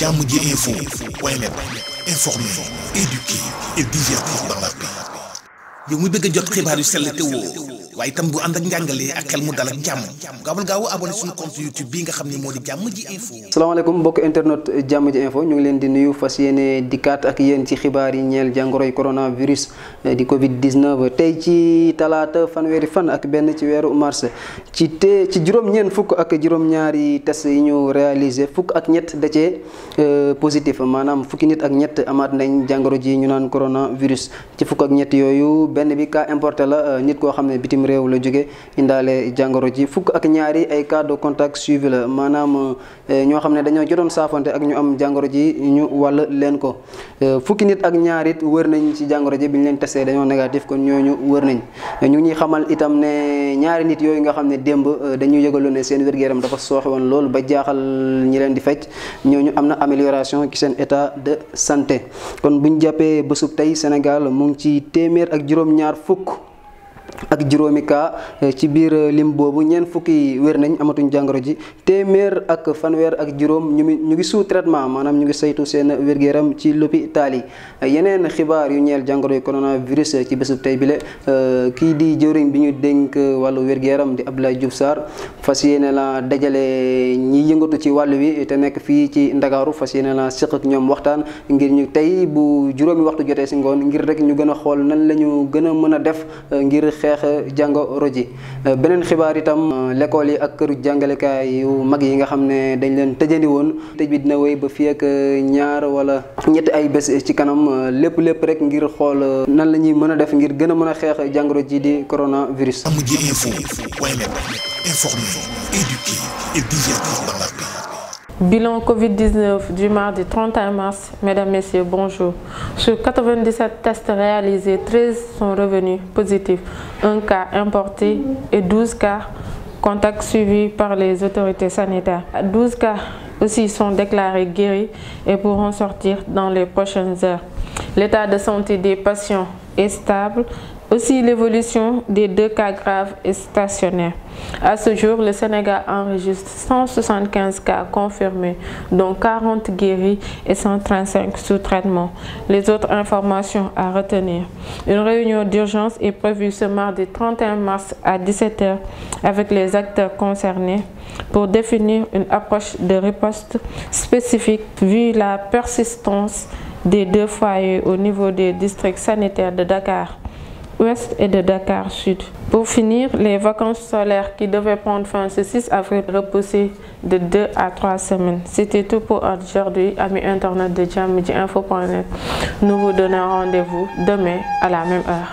jàmm ji info point net informer, éduquer et divertir dans la paix. a waaye itam bu ànd ak njàngale ak xel mu dal ak jàmm gaawal gaaw abonné suñu compte internet jàmm ji info ñu ngi leen di nuyu fas yéene dikkaat ak yéen ci xibaar yi ñeel jàngoroy coronavirus eh, di covid 19 tey ci talaata fanweeri fan ak benn ci weeru mars ci te ci juróom-ñeent fukk ak juróom-ñaari test yi ñu réalisé fukk ak ñett da cee eh, positif maanaam fukki nit ak ñett amaat nañ jàngoro ji ñu naan coronavirus ci fukk ak ñett yooyu benn bi cas importé la eh, nit koo réew la jóge indaale jàngoro ji fukk ak ñaari ay cas de contact suivi la maanaam eh, ñoo xam ne dañoo jotoon saafante ak ñu am jàngoro ji ñu wàll leen ko eh, fukki nit ak ñaarit wër nañ ci jàngoro ji bi ñu leen testé dañoo négatif kon ñooñu wër nañ ñu ñuy xamal itam ne ñaari nit yooyu nga xam ne démb eh, dañu yëgaloon ne seen wér-gu-yaram dafa sooxe woon loolu ba jaaxal ñi leen di fecc ñooñu am na amélioration ci seen état de santé kon bu ñu jàppee bésub tey Sénégal mu ngi ci téeméer ak juróom fukk ak juróomi kaa eh, ci biir eh, lim boobu ñeent fukki wér nañ amatuñ jàngoro ji téeméer ak fanweer ak juróom ñu ngi ñu ngi sous traitement maanaam ñu ngi saytu seen wér-gu-yaram ci l'hôpital taali eh, yeneen xibaar yu ñeel jàngoro yi coronavirus ci bésu tey bile kii di jëwriñ bi ñu dénk wàllu wér-gu-yaram di Abdoulaye Diouf Sarr fas yéene la dajale ñi yëngatu ci wàll wi te nekk fii ci Ndakaaru fas yéene la séq ñoom waxtaan ngir ñu tey bu juróomi waxtu jotee si ngoon ngir rek ñu gën a xool nan la gën a mën a def xeex jàngoro ji euh, beneen xibaar itam euh, lekkool yi ak këru jàngalekaay yu mag yi nga xam ne dañ leen tëjandi woon tëj bi dina wéy ba fii ak euh, ñaar wala ñetti ay bés ci kanam lépp lépp rek ngir xool nan la ñuy mën a def ngir gën a mën a xeex jàngoro ji di coronavirus. Amady Info Bilan Covid-19 du mardi 31 mars. Mesdames, Messieurs, bonjour. Sur 97 tests réalisés, 13 sont revenus positifs, un cas importé et 12 cas contacts par les autorités sanitaires. 12 cas aussi sont déclarés guéris et pourront sortir dans les prochaines heures. de santé des patients est Aussi, l'évolution des deux cas graves est À ce jour, le Sénégal enregistre 175 cas confirmés, dont 40 guéris et 135 sous traitement. Les autres informations à retenir. Une réunion d'urgence est prévue ce mardi 31 mars à 17h avec les acteurs pour définir une approche de riposte spécifique vu la persistance des deux foyers au niveau des districts sanitaires de Dakar. ouest et de Dakar sud. Pour finir, les vacances solaires qui devaient prendre fin ce 6 avril repoussées de 2 à 3 semaines. C'était tout pour aujourd'hui, amis internet de Djamidji Info.net. Nous vous donnons rendez-vous demain à la même heure.